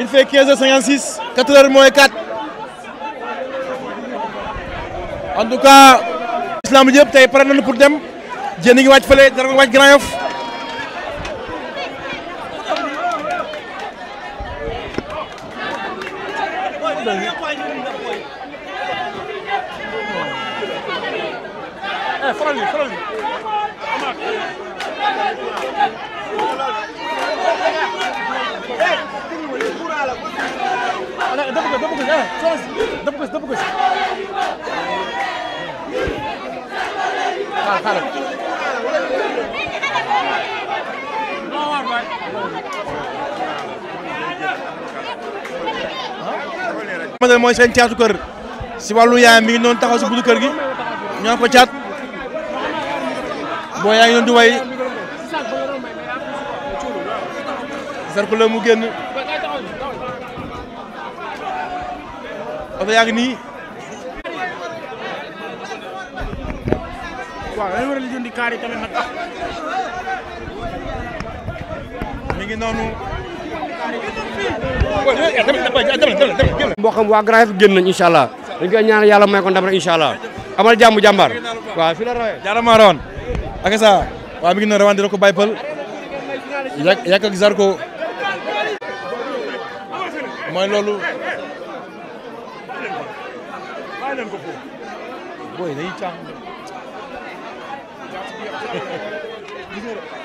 Il fait 15h56, 4h moins 4. En tout cas, Islam Diop, tu es prêt pour dem. Jenny Watch Fale, Dragon Watch Grayoff. Eh, frali, frali. xamante ne mooy seen caatu kër si wàllu yaayam mi noonu taxaw si buntu kër gi ñoo ko caat boo noonu di way cercle la mu génn oto yaa ngi nii waaw dañu war a jëndi kaar yi mi ngi noonu mbokam waa Grand Yoff nañ inshallah dañ koy ñaan yàlla may ko ndam rek inshallah amal jàmm jàmbaar waaw fi la rawee jaarama rawan ak sa waaw mi ngi noonu rawan ko yak ak Zarko mooy loolu. booy dañuy caaxaan.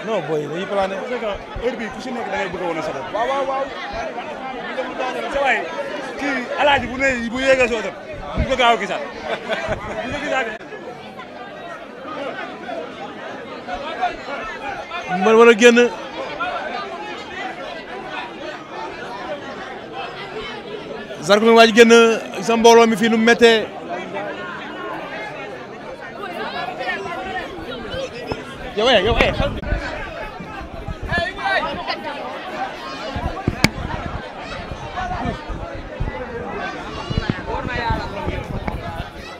non booy dañuy plané. parce que heure bii ku si nekk da ngay bëgg a wane sa bopp. waaw waaw waaw. kii alaaji bu ne bu yéegee soo dem. bu ko gaaw a gisaat. bu ko gisaatee. man war a génn. Zarko mi ngi waaj sa mbooloo mi fii nu mu méttee yow eh,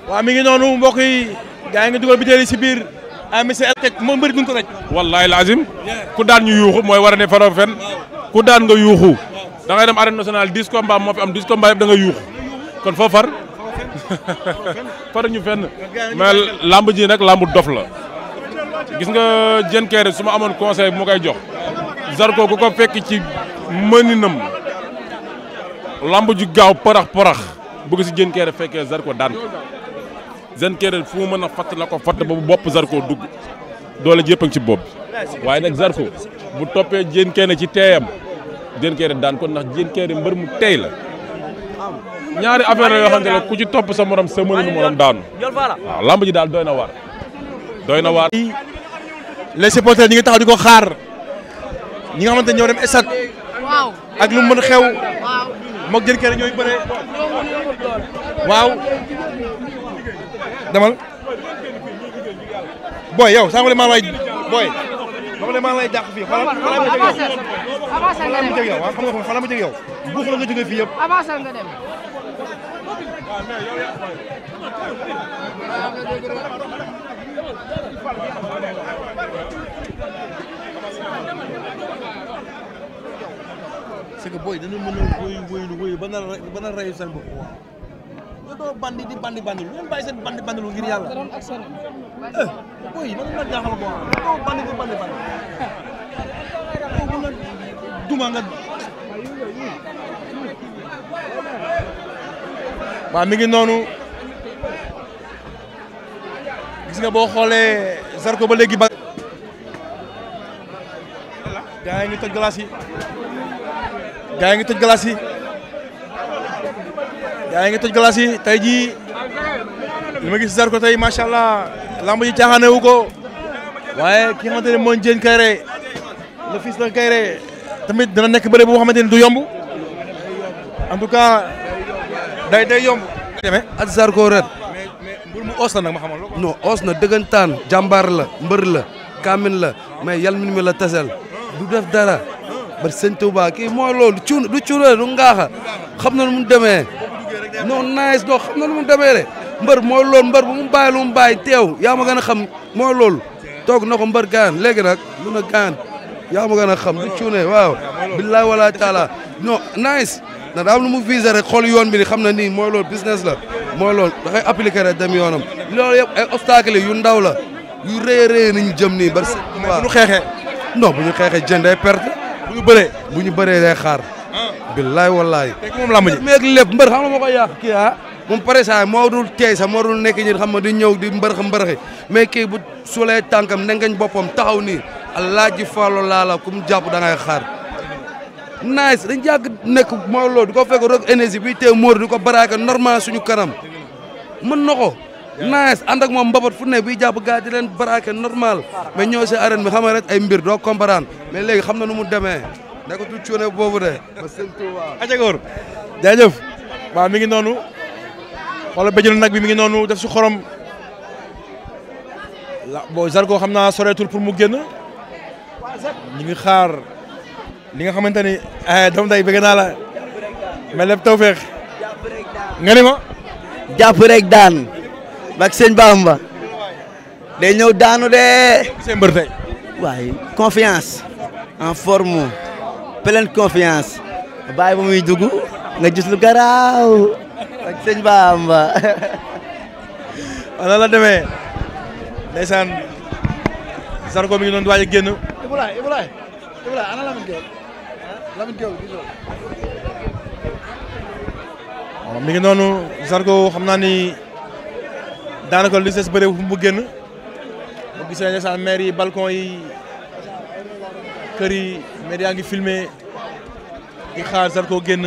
eh, mi ngi noonu mbokk yi gaa yi nga dugal bitéel yi si biir ah monsieur El Hadj moom bëri duñ ko rëcc. laazim ku daan ñu yuuxu mooy war a ne faroo ku daan nga yuuxu. da dem arène nationale dix combat moo fi am dix combat yëpp da nga yuux kon foo far far ñu fenn mais lamb ji nag lamb dof la gis nga jën keere su ma amoon conseil bu ma koy jox Zarko ku ko fekk ci mëninam lamb ju gaaw parax parax bëgg si jën keere fekkee Zarko daan ko jën keere mën a fatt la ko fatt ba bu bopp Zarko dugg doole jëpp ci bopp waaye nag Zarko bu toppee jën keene ci teeyam Diène Kairé daan kon ndax Diène Kairé mbër tey la ñaari affaire la yoo xam ne ku ci topp sa morom sa mënul morom daanu waaw lamb ji daal doy na waar doy na waar. les supporters ñi ngi taxaw di ko xaar ñi nga xamante ñoo dem stade ak lu mën xew moog Diène Kairé ñooy bëre waaw demal booy yow sànq maa waay booy. moom la maa ngi lay dàq fii xoolal a la ma jógee yow avancé nga dem yow nga fan la ma jógee yow buux nga jógee a wóyu wóyu bandi di bandi bandi lu ngeen bàyyi bandi bandi lu ngir yàlla oui man nag jaaxal ko waaw non bandi bi bandi bandi. kooku duma nga. waaw mi ngi noonu gis nga boo xoolee Zarko ba léegi ba. gaa yi ngi toj glace yi. gaa yi ngi toj glace yi. gaa yi ngi toj glace yi tey jii li ma gis Zarko tey macha allah. lamb ji caaxaane wu ko waaye ki nga xamante ne mooy Diène Kairé le fils tamit dana nekk bëre boo xamante ne du yomb en tout cas day day yomb. demee Adji Sarr oos na dëggantaan jàmbaar la mbër la kaamin la mais yal min mi la tasel du def dara ba sëñ Touba kii mooy loolu du cuune du cuune xam na lu mu demee non nice non xam na nu mu demee mbër mooy loolu mbër bu mu bàyyi lu mu bàyyi teew yaa ma gën xam mooy loolu toog na ko mbër gaan léegi nag mun a gaan yaa ma gën a xam du cuune waaw billaay wala taala non nice na daam lu mu visé rek xool yoon bi ni xam na nii mooy loolu business la mooy lool dafay appliqué rek dem yoonam loolu yëpp ay obstacle yu ndaw la yu rëy rëy nañu jëm nii bari waaw bu ñu xeexee non bu ñu xeexee jën day perte bu ñu bëree bu ñu bëree day xaar ah. billaay wallaay moom làmb moom paré sa moo dul teey sax moo dul nekk ñi xam ne di ñëw di mbërëx mbërëxi mais ké bu sulee tànkam nengañ bopam taxaw nii alaaji Fallu laala ku mu da ngay xaar nice dañ jagg nek moo loolu di ko rek énergie bi té móor diko baraka normal suñu karam mën nako nice and ak mom mbabat fu ne bi japp ga di len baraka normal mais ñoo ci arène bi xam rek ay mbir do comprendre mais légui xam na nu mu demee tu cuune bobu dé ba sëñ Tuubaa ajagóor jaajëf ba mi ngi nonu wala béjjël nag bi mi ngi noonu def si xorom boo Zarko xam naa soreetul pour mu génn ñu ngi xaar li nga xamante ni doom eh, day bëgg naa la mais lépp tawfeex nga ni ma jàpp rek daan bak sëñ Bamba day ñëw daanu de seen waaye confiance en forme pleine confiance bàyyi ba muy dugg nga gis garaaw ak sëñ Bamba wala la demee ndeysaan Zarko mi ngi doon waaj a mi ngi noonu Zarko xam naa ni daanaka li des bëre fu mu génn bu gisee ndeysaan kër yi média ngi filmé xaar Zarko génn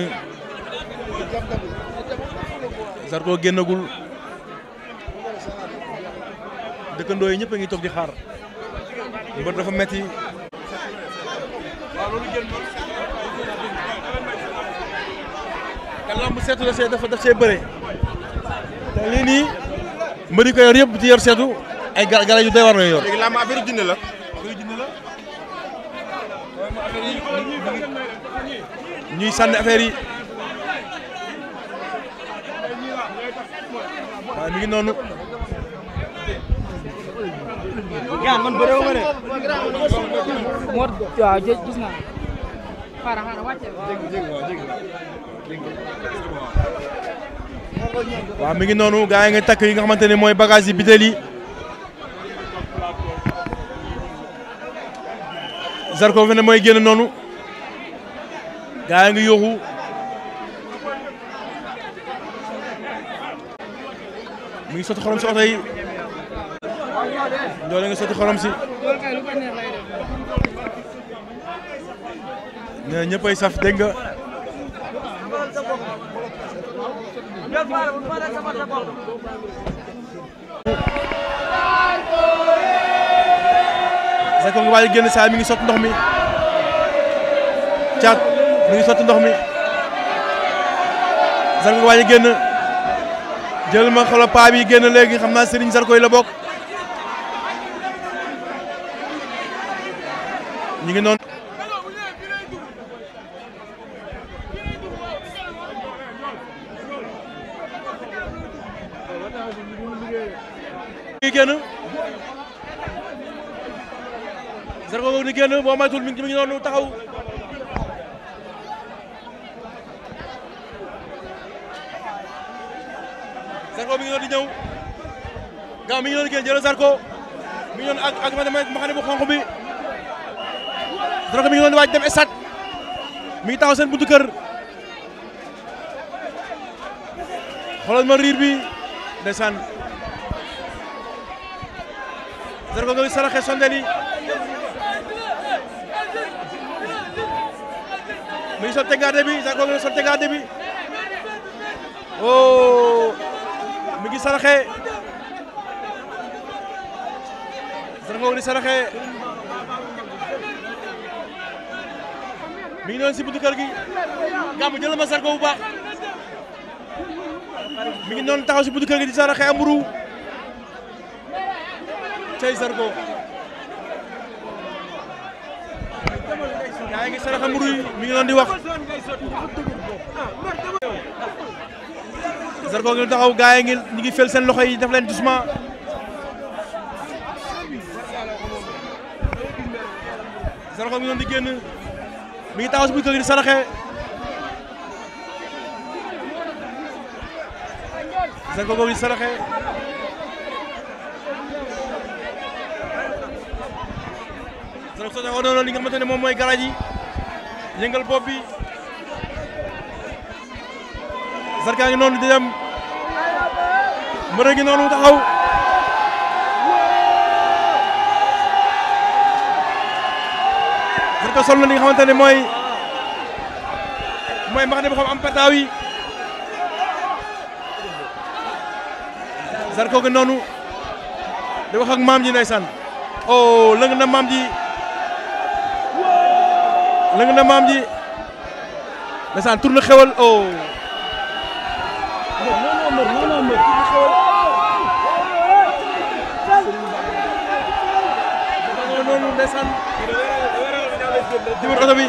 Zarko gennagul dëkkandoo ñepp ñëpp a ngi toog di xaar ba dafa metti waaw loolu génn te lamb seetu la see dafa daf see beure te li ni mbëri ko yor yeb ci yor setu ay gar yu doy war na yor. la ma affaire jinn la. affaire jinn la ñuy sànni affaire yi. waaw mi ngi noonu. yaa ngi yi nga takk yi nga xamante ne mooy bagage yi bitel mooy génn noonu. gaa yi nga yóoxu. mi ngi sotti xorom si oto yi Ndiolé nga sotti xorom si. nee na saf dégg nga. nga waaj génn saa mi ngi sotti ndox mi. Thiat mi ngi sotti ndox mi. Zarko nga waaj génn. jël ma xoolal paa bi génn léegi xam naa Serigne Sarkoy la bokk. ñu ngi noonu. génn Sarko boobu ni génn boo maytul mi ngi noonu taxaw. Zarko mi ngi di ñëw gaaw mi ngi noonu di génn Zarko mi ngi noonu ak bu bi Zarko mi ngi noonu waaj dem stade mi taxaw seen buntu kër xoolal ma riir bi ndeysaan Zarko nga saraxe sondel yi mi bi Zarko bi oh mi ngi saraxee saraxoo ni saraxee mi ngi doon si buntu kër gi gàmmu jël ma sarko bu baax mi ngi doon taxaw si buntu kër gi di saraxee amuru cey sarko yaa ngi ngi doon di wax Zarko ngi taxaw gaay ngi ñu ngi fel seen loxo yi def leen doucement Zarko ngi doon di génn mi ngi taxaw si bu kër gi di saraxe Zarko boobu di saraxe Zarko soo taxaw noonu li nga xamante ne moom mooy garaj yi yëngal bopp bi Zarko a ngi noonu di dem mbër gi noonu taxaw Zarko sol na li nga xamante ne mooy mooy mbax ne bu xam am pataaw yi Zarko noonu di wax ak maam ji ndeysaan oh lëng na maam ji lëng na maam ji ndeysaan tur na xewal oh ndeysaan jëmale oto bi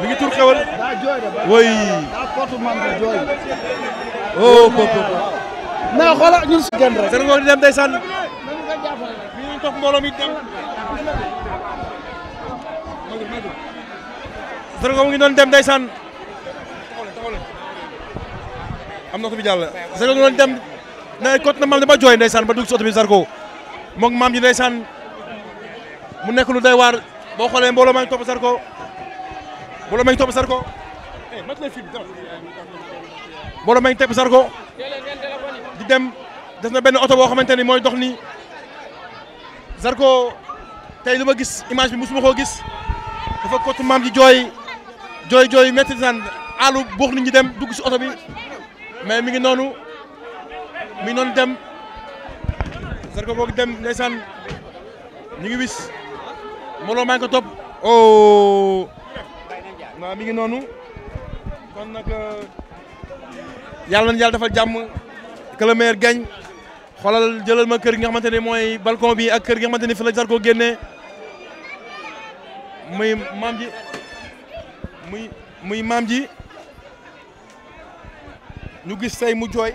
mi ngi tur xewal woy oh pop pop mais xoola ñun su gën rek seen ngoog di dem ndeysaan mi ngi topp mbooloo mi dem seen ngoog mu ngi doon dem ndeysaan am na ko fi jàll seen ngoog doon dem na kot na mal ne ba jooy ndeysaan ba dugg si oto bi Zarko moog maam ji ndeysaan mu nekk lu day waar boo xoolee mbooloo maa ngi topp Zarko mbooloo maa ngi topp Zarko eh, mbooloo dem def na benn oto boo xamante ni mooy dox ni Zarko tey lu ma gis image bi mosuma koo gis dafa kottu maam ji jooy jooy jooy metti naan àllu buux nit ñi dem dugg si oto bi mais mi ngi noonu mi ngi noonu dem. Zarko boobu dem ndeysaan ñu ngi wis Modou Lo maa ngi ko topp oh waaw mi ngi noonu kon nag euh, yàlla na yàlla defal jàmm que le maire jëlal ma kër gi nga xamante ne mooy balcon bi ak kër gi nga xamante ne la Zarko génnee muy maam ji muy muy maam ji ñu gis say mu jooy